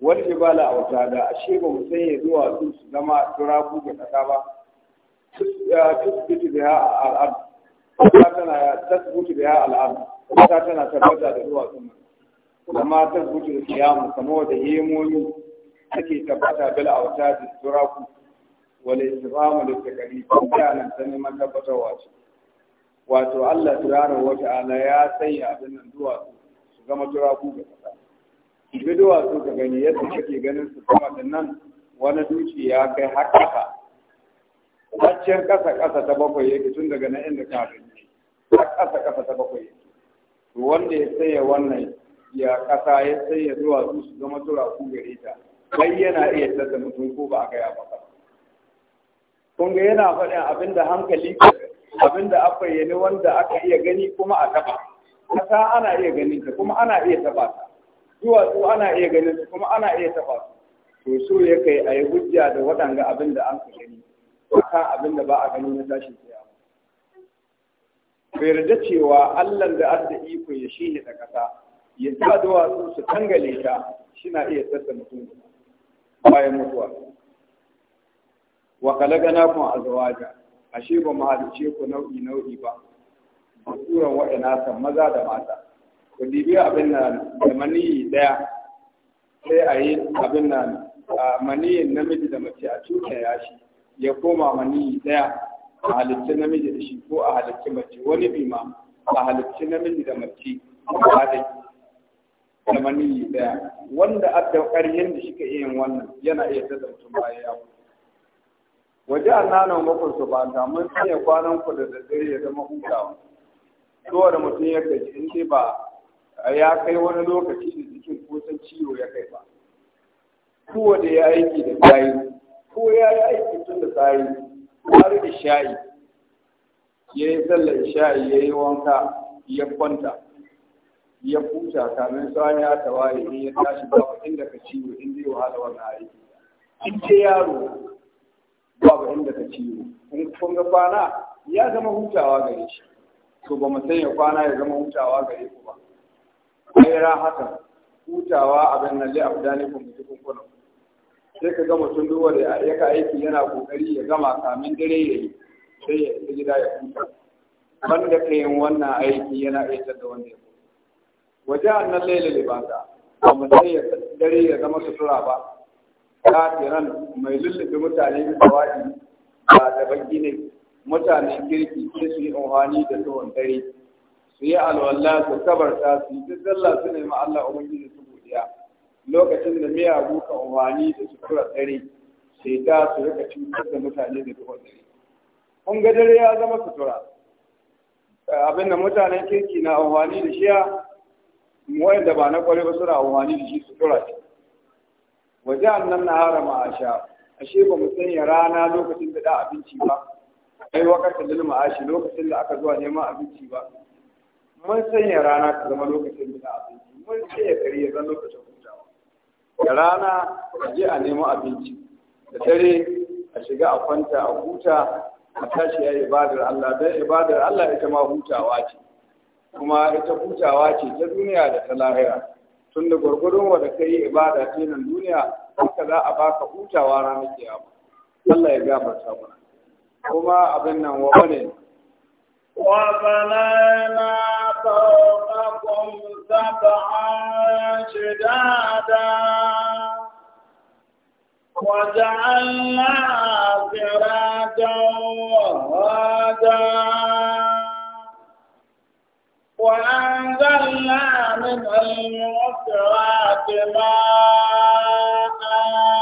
S1: wani jibala a wata da ashe ba mu sanya zuwa su zama turaku ga kasa ba tusbitu da al'adu ta tana ta tsubutu da ya al'am ta tana tabbata da zuwa sunna amma ta tsubutu da kiyamu kamar da yemoyi take tabbata bil auta da turaku wal istiqamu da takari ta nan ta neman tabbatarwa ce wato Allah subhanahu wata'ala ya sanya abin nan duwatsu su zama turaku ga kasa bi duwatsu ka gani yadda kake ganin su kuma nan wani duci ya kai har haka hacciyar ƙasa ƙasa ta bakwai yake tun daga nan inda ka ne a ƙasa ƙasa ta bakwai yake wanda ya saya wannan ya ƙasa ya saya zuwa su su zama tura ku gare ta kai yana iya tada mutum ko ba a gaya ba kun ga yana faɗin abinda hankali abinda a bayyane wanda aka iya gani kuma a taba ƙasa ana iya ganin ta kuma ana iya taba ta duwatsu ana iya ganin su kuma ana iya taba su to so ya kai a yi hujja da waɗanga abinda an ka gani akan abin da ba a gani na tashin kiyama ku yarda cewa Allah da adda iko ya shi da kasa ya sa duwatsu su tangale ta na iya tsatsa mutum bayan mutuwa wa kalagana kun azwaja ashe ba mu halice ku nau'i nau'i ba a turan waɗanda san maza da mata ku dibi abin na da maniyi ɗaya sai a yi abin na maniyin namiji da mace a cuta yashi ya koma mani daya a halittu namiji da shi ko a halittu mace wani bima a halittu namiji da mace ba da da mani daya wanda adda ƙaryen da shi ka iya wannan yana iya ta zartun baya ya waje a nanan makon su ba ta mun sanya kwanan ku da daddare ya zama hutawa kowa da mutum ya kai in dai ba ya kai wani lokaci da jikin kusan ciwo ya kai ba kowa da ya aiki da kayan ko ya yi aiki tun da tsari har da shayi ya yi sallar shayi ya yi wanka ya kwanta ya huta kamin tsawon ya tawaye in ya tashi babu inda ka ciwo in zai wahala wannan aiki in ce yaro babu inda ka ciwo in kun ga kwana ya zama hutawa gare shi to ba mu ya kwana ya zama hutawa gare ku ba ai rahatan hutawa abin nan li abdanikum bi tukun sai ka ga mutum duk da ya ka aiki yana kokari ya gama kamin dare ya yi sai ya isa gida ya kusa wanda ka yin wannan aiki yana aikar da wanda ya kusa waje annan laila libasa ba mu sai ya dare ya zama sutura ba Ta tiran mai lullufi mutane da tawadi ba da baki ne mutanen kirki sai su yi amfani da tsohon dare su yi alwala su kabarta su yi duk zalla su nemi Allah ubangiji su godiya lokacin da miya buka umarni da sutura tsari, sai ta su rika cutar da mutane da duhun tsari. kun ga dare ya zama sutura abin da mutanen kirki na umarni da shiya wanda ba na kwarai ba suna umarni da shi sutura ce waje annan na harama a ashe ba mu sanya rana lokacin da da abinci ba ai wakatin lil ma'ashi lokacin da aka zuwa neman abinci ba
S2: mun sanya rana ta zama
S1: lokacin da abinci mun sanya kare ya zama lokacin da rana a je a nemo abinci da dare a shiga a kwanta a huta a tashi ya ibadar Allah don ibadar Allah ita ma hutawa ce kuma ita hutawa ce ta duniya da ta lahira tun da gwargwadon da ka yi ibada ce nan duniya haka za a baka hutawa ranar kiyama Allah ya gafarta mana kuma abin nan wa bane
S2: wa na. فوقكم سبعا شدادا وجعلنا سراجا وهادا وأنزلنا من المعصرات ماء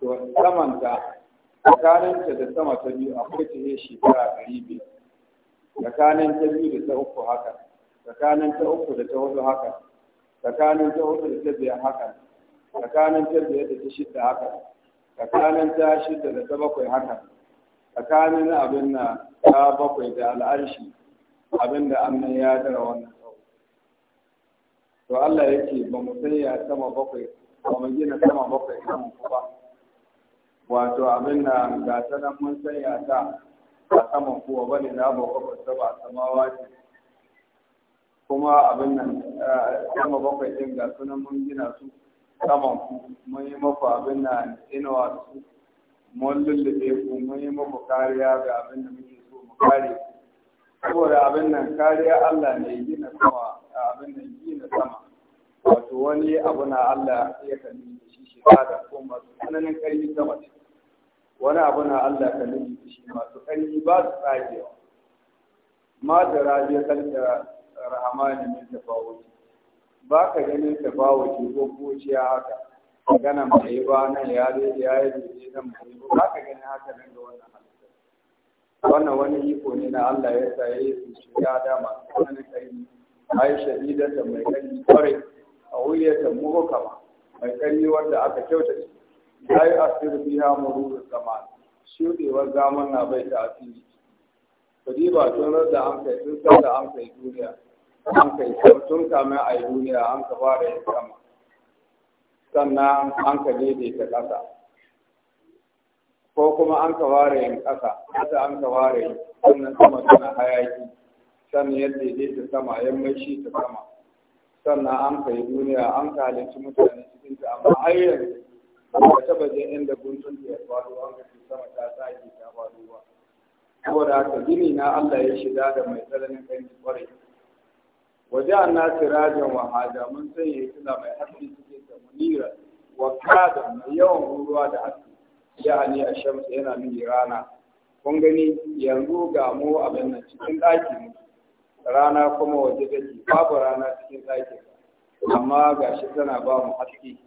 S1: to samanta tsakaninta da sama ta biyu akwai ta yi shekara ɗari biyu tsakanin ta biyu da ta uku haka tsakanin ta uku da ta hudu haka tsakanin ta hudu da ta biyar haka tsakanin ta biyar da ta shidda haka tsakanin ta shidda da ta bakwai haka tsakanin abin na ta bakwai da al'arshi abin da annan ya dara wannan tsawo to Allah ya ba mu sanya sama bakwai ba mu gina sama bakwai kan ba
S2: wato abin da
S1: ga nan mun sanya ta a saman kuwa bane na bakwai kwakwar ta ba samawa ce kuma abin nan eh, sama bakwai ɗin ga sunan mun gina su saman ku mun yi maku abin na inuwa da su mun lullube ku mun yi maku kariya ga abin da muke so mu kare ku saboda abin nan kariya Allah ne gina sama abin nan gina sama wato wani abu na Allah ya kalli shi shi da kuma tsananin karfi sama ce wani abu na Allah ka nufi shi masu ƙarfi ba su tsagewa ma da rabiya kalta rahamani min tafawuti ba ka ganin tafawuti ko kociya haka magana mai ba nan ya da ya yi daidai nan mai ba ba ka ganin haka nan ga wannan halittar wannan wani iko ne na Allah ya sa ya yi su shi ya dama wani ƙarfi ai ta mai ƙarfi kwarai a wuyata muhukama mai ƙarfi wanda aka kyautata la yi asiru biya mururu zaman shuɗewar zaman na bai da asiri kudi ba tun da an kai tun san da an kai duniya an kai tun kamin a yi duniya an ka fara yin kama, sannan an ka daidaita ƙasa ko kuma an ka fara yin ƙasa ƙasa an ka fara yin sannan sama tana hayaki yadda dai daidaita sama ya ta sama sannan an ka yi duniya an ka halicci mutane cikin ta amma har ba taba baje inda guntun ya faɗo an sama ta tsage ta faɗo ba saboda haka gini na Allah ya shiga da mai tsananin kai kwarai waje an nasu rajin wahaja mun sanya ya tuna mai haske cikin ta munira wa kada mai yawan ruwa da haske ya ani a shamsu yana nuni rana kun gani yanzu ga mu abin nan cikin ɗaki rana kuma waje take babu rana cikin ɗakin amma gashi tana ba mu haske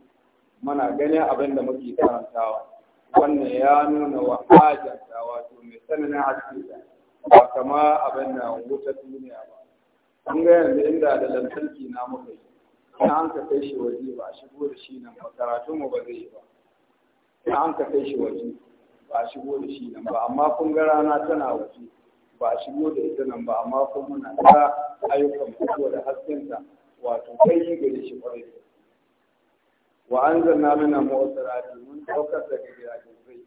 S1: muna ganin abin da muke karantawa wannan ya nuna wa ajanta wato mai tsananin haske ba kama abin da wuta duniya ba an ga yanzu inda da lantarki na muka yi Ina an ka kai shi waje ba a shigo da shi nan ba karatu mu ba zai yi ba Ina an ka kai shi waje ba a shigo da shi nan ba amma kun ga rana tana waje ba a shigo da ita nan ba amma kun muna ta ayyukan fito da haskenta wato kai gari shi kwarai wa من zanna mina ma'usarati mun daukar daga giragizai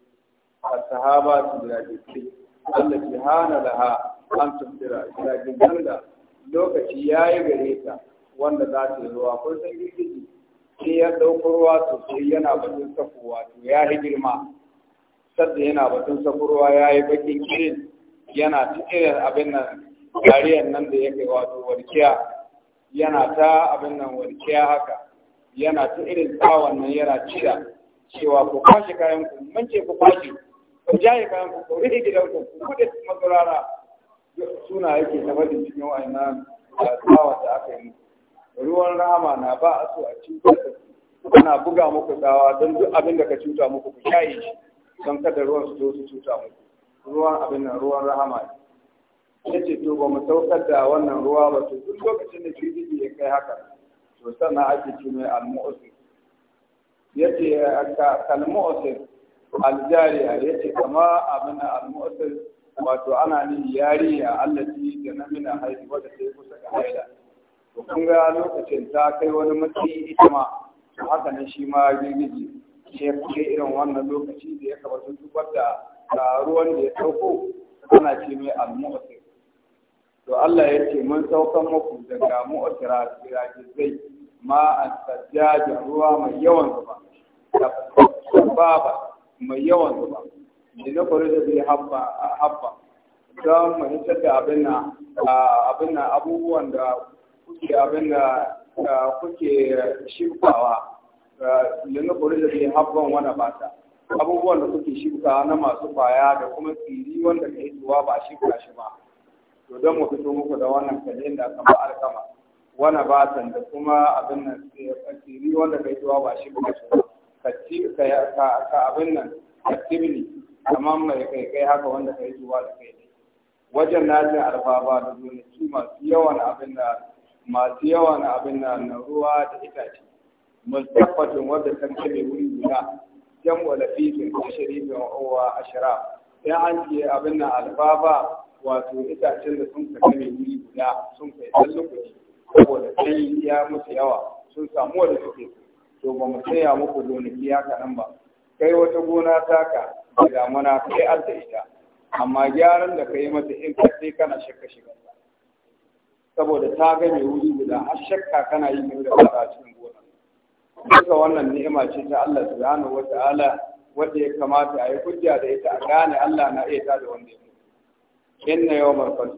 S1: a sahaba su giragizai Allah ki hana laha an tumtira giragizan da lokaci ya yi gare wanda za ta yi ruwa kun san girgiji sai ya ɗauko ruwa sosai yana batun yana batun ya bakin yana abin nan kariyar nan da ya wato warkiya yana ta abin nan warkiya haka yana ta irin tsawon nan yana cira cewa ku kwashe kayan ku mun ce ku kwashe ku jaye kayan ku ku rike gidan ku ku kuɗe masaurara suna yake ta faɗin cikin wa'annan ah, tsawon da aka yi ruwan rama na ba a so a cutar da ana buga muku tsawa don duk abin da ka cuta muku ku shaye shi don kada ruwan su zo su cuta muku ruwan abin nan ruwan rama ne ya ce to ba mu saukar da wannan ruwa ba to duk lokacin da jirgin ya kai haka to sannan ake ce mai al-mu'asir yace kal-mu'asir al ya ce kama abin al-mu'asir wato ana ni yariya allati da namina haidi wadda ta yi kusa ga haida to kun ga lokacin ta kai wani matsayi ita ma haka ne shi ma girgiji sai kuke irin wannan lokaci da ya kamata zubar da ruwan da ya sauko ana ce mai al-mu'asir to Allah ya ce mun saukan muku daga mu'asira zai ma'an da ruwa mai yawan zuba sababa mai yawan zuba da na kwari da zai haɓɓa don mu hitar da abin na abubuwan da kuke abin da kuke shirkawa da na kwari da zai haɓɓan wani bata abubuwan da kuke shirkawa na masu kwaya da kuma tsiri wanda ka yi zuwa ba shirka shi ba to don mu fito muku da wannan kalenda kamar alkama wani batan da kuma abin nan tsiri wanda kai zuwa ba shi buga shi ci ka abin nan ka kattibni kamar mai kai kai haka wanda kai zuwa da kai wajen najin alfaba da su masu yawan abin da masu yawan abin da na ruwa da itace multafatin wadda ce mai wuri guda jan walafifin ashirifin owa shara, sai an ce abin da alfaba wato itacen da sun mai wuri guda sun kai tsallukuci saboda sai ya mutu yawa sun samu wanda suke to ba mu saya muku gonaki ya kaɗan ba kai wata gona taka da damuna kai alta ita amma gyaran da ka yi mata in ka sai kana shakka shiga saboda ta ga mai wuri guda har shakka kana yi mai da fara cikin gona duka wannan ni'ima ce ta Allah subhanahu wata'ala wanda ya kamata a yi hujja da ita a gane Allah na iya tada wanda ya mutu inna yawmal fasl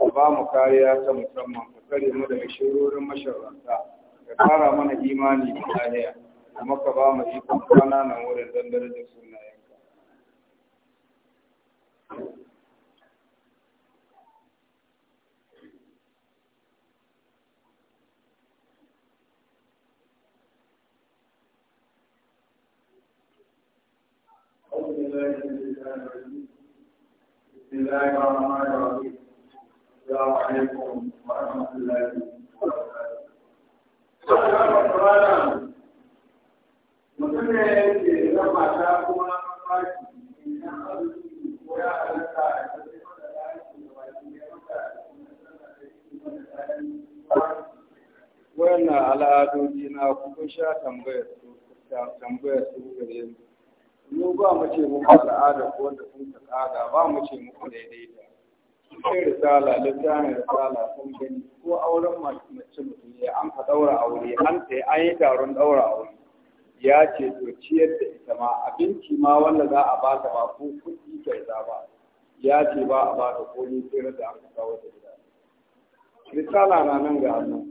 S1: ka ba mu kariya ta musamman ka kare mu daga shirorin masharanta ka kara mana imani da lahiya kuma ka ba mu ikon kwana na wurin don da sunayenka بسم الله الرحمن الرحيم السلام عليكم ورحمة kuma ya ya ya al'adoji na kuma sha tambayar su tambayar su gare mu mu ba mu ce muku al'ada ko wanda sun ka tsada ba mu ce muku daidai sai risala littafin risala sun gani ko auren mace mutum ya an ka daura aure an sai an yi taron daura aure ya ce to ciyar da ita ma abinci ma wanda za a bata ba ko kuɗi kyauta ba ya ce ba a bata ko ni sai da aka kawo ta gida risala na nan ga hannu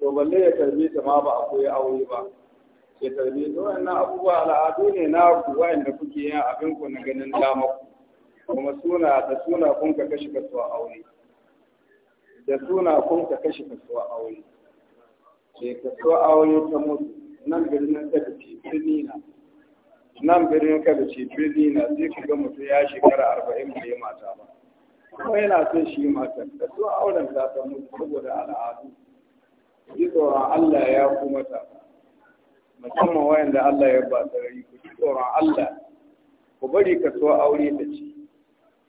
S1: to balle ya tarbe ta ma ba a koyi aure ba ya tarbe ta wannan abubuwa al'adu ne na ku wa'anda kuke yin abin ku na ganin dama ku kuma suna da suna kun ka kashe kasuwa aure da suna kun ka kashe kasuwa aure ke kasuwa aure ta mutu nan birnin da ce birni nina, nan birnin da ce birni nina, sai ka ga mutum ya shekara arba'in bai mata ba kuma yana son shi mata kasuwa auren ta ta mutu saboda al'adu ji tsoron Allah ya kuma ta musamman wayanda Allah ya ba sarari ku ji tsoron Allah ku bari kasuwa aure ta ce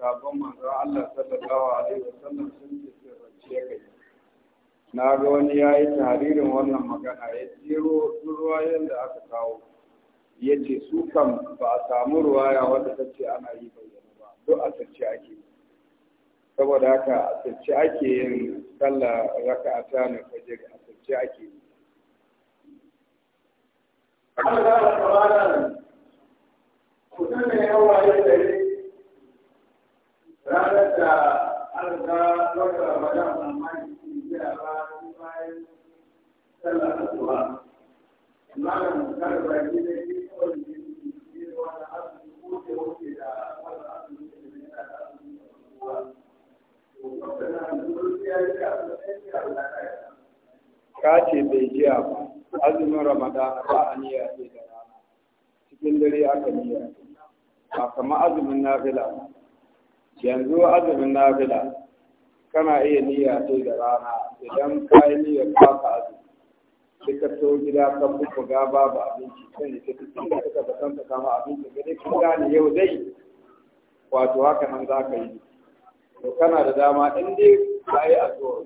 S1: sabon manzan Allah sallallahu alaihi wasallam sun ce sirrance kai na ga wani ya yi taririn wannan magana ya jero ruwayen da aka kawo ya ce su kan ba a samu ruwaya wadda ta ce ana yi bayyana ba duk a sace ake saboda haka a sace ake yin sallah raka'a ta ne fajiri a sace ake yi. nafila kana iya niyya ce da rana idan ka yi niyya ka ka azu sai ka to gida ka buku ga babu abinci kan yi kai tun da ka san ka kama abinci ga dai kun gane yau dai wato haka nan za ka yi to kana da dama in dai ka yi azuwa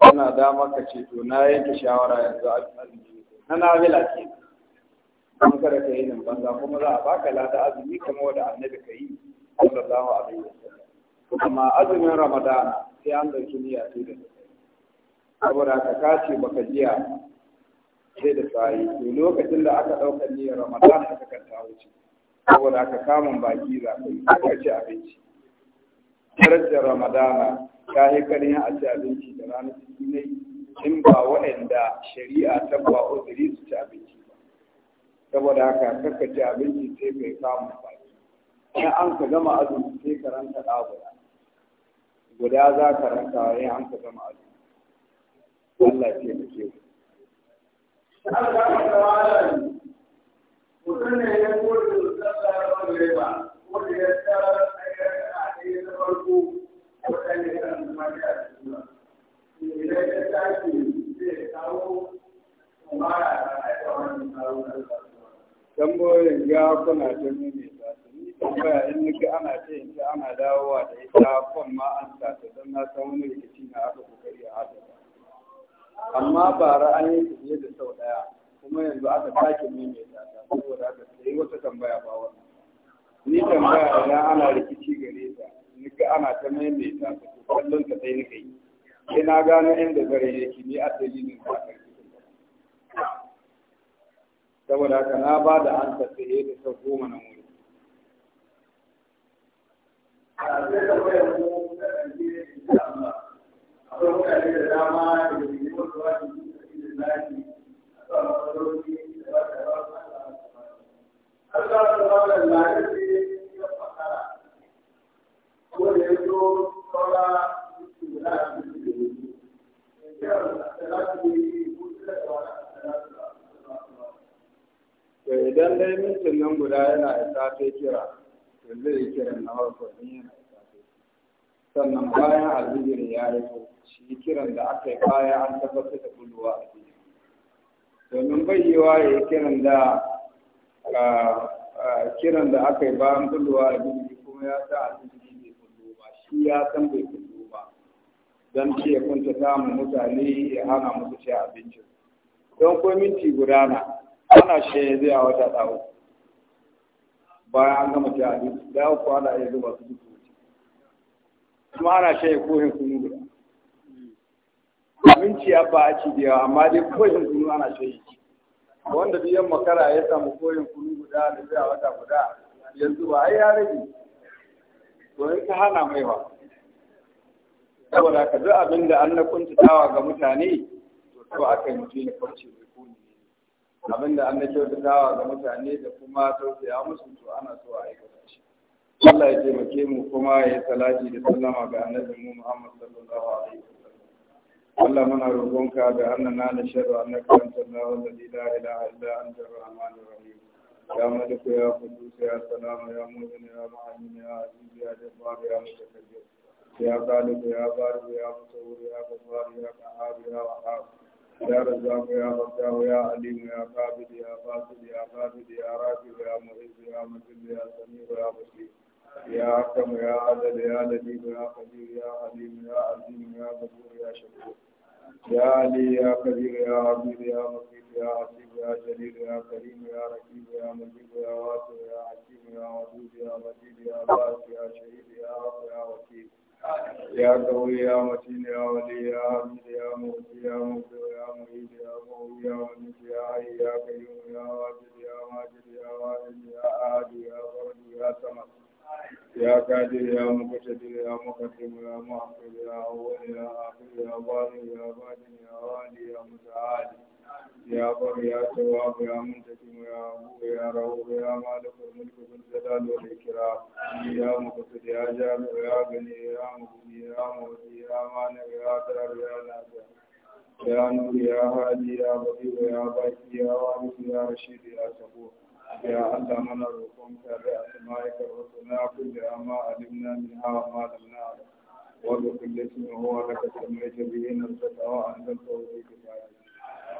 S1: kana dama ka ce to na yanke shawara yanzu azumi na nafila ke an kada ka yi nan banza kuma za a baka lada azumi kamar wanda annabi ka yi sallallahu alaihi wasallam amma azumin ramadana sai an ɗauki niyya sai da saboda ka kace baka jiya sai da sayi to lokacin da aka ɗauka niyyar ramadana aka kanta wuce saboda ka kamun baki za ka yi aka ci abinci darajar ramadana ka yi karin a ci abinci da ranar ciki ne in ba waɗanda shari'a ta ba uzuri su ci abinci ba saboda haka kakka ci abinci sai kai kamun baki in an ka gama azumi sai ka ranka ɗabura guda za ka ranta ya an ka gama azu Allah ce mu ke zai a tambayoyin ya kuna ta tambaya in nake ana ce in ce ana dawowa da ita kwan ma an sa ta don na san wani rikici na aka kokari a haka amma bara an yi fiye da sau daya kuma yanzu aka sake maimaita ta saboda aka sai wata tambaya ba wannan
S2: ni tambaya idan ana
S1: rikici gare ta nake ana ta maimaita ta ko kallon ta sai nake yi sai na gano inda zare yake ni a dalilin ta saboda haka na ba da an tafiye da sau goma na wuri idan dai mintin nan guda yana isa sai kira zai kira na farko in yana safe sannan bayan alfijir ya rito shi kiran da aka yi baya an tabbatar da buluwa a cikin domin bayyewa ya yi kiran da kiran da aka yi bayan buluwa a cikin kuma ya sa alfijir ya kullu ba shi ya san bai kullu ba don ce ya kunta samun mutane ya hana musu ci abincin don kuma minti gudana ana shi zai a wata ɗauka bayan an gama ta hadisi da kuwa da ya zuba su duk kuma ana shaye kohin kunu guda abinci ya ba a cibiya amma dai kohin kunu ana shaye ci wanda duk yan makara ya samu kohin kunu guda da zai wata guda yanzu ba ai ya rage to in ka hana mai ba saboda ka duk abin da an na kuntatawa ga mutane to aka yi mutum ya farce mai kuni Abin da an da kyautatawa ga mutane da kuma tausaya musu to ana so a aikata shi Allah ya taimake mu kuma ya yi salati da sallama ga annabi mu Muhammad sallallahu alaihi wasallam Allah muna roƙonka da annana da sharru annaka anta Allahu alladhi la ilaha illa anta ar-rahmanur rahim ya maliku ya qudus ya salam ya mu'min ya mu'min ya aziz ya jabbar ya mutakabbir ya qadir ya barik ya musawwir ya ghaffar ya qahhar ya wahhab يا رزاق يا رزاق يا عليم يا قابل يا باسل يا قابل يا رافع يا معز يا مجل يا سميع يا بصير يا حكم يا عدل يا لطيف يا قدير يا عليم يا عظيم يا غفور يا شكور يا علي يا قدير يا عظيم يا مقيت يا عصيب يا جليل يا كريم يا رقيب يا مجيب يا واسع يا حكيم يا ودود يا مجيد يا باس يا شهيد يا رب يا وكيل يا قوي يا متين يا ولي يا حميد يا موتي يا مبدع يا معيد يا قوي يا منيت يا حي يا قيوم يا واجد يا ماجد يا واجد يا احد يا فرد يا صمد
S2: يا قادر يا مقتدر يا
S1: مقدم يا مؤخر يا اول يا اخر يا ظاهر يا باطن يا والي يا متعال يا بر يا تواب يا منتقم يا ابو يا رؤوف يا مالك الملك ذو الجلال والاكرام يا مقتد يا جامع يا غني يا مغني يا مغني يا مانع يا دار يا نافع يا نور يا هادي يا بديع يا باكي يا وارث يا رشيد يا صبور يا الله من الرقم بأسمائك الحسنى كلها ما علمنا منها وما لم نعلم وبكل اسم هو لك سميت به نفسك وأنزلته في كتابك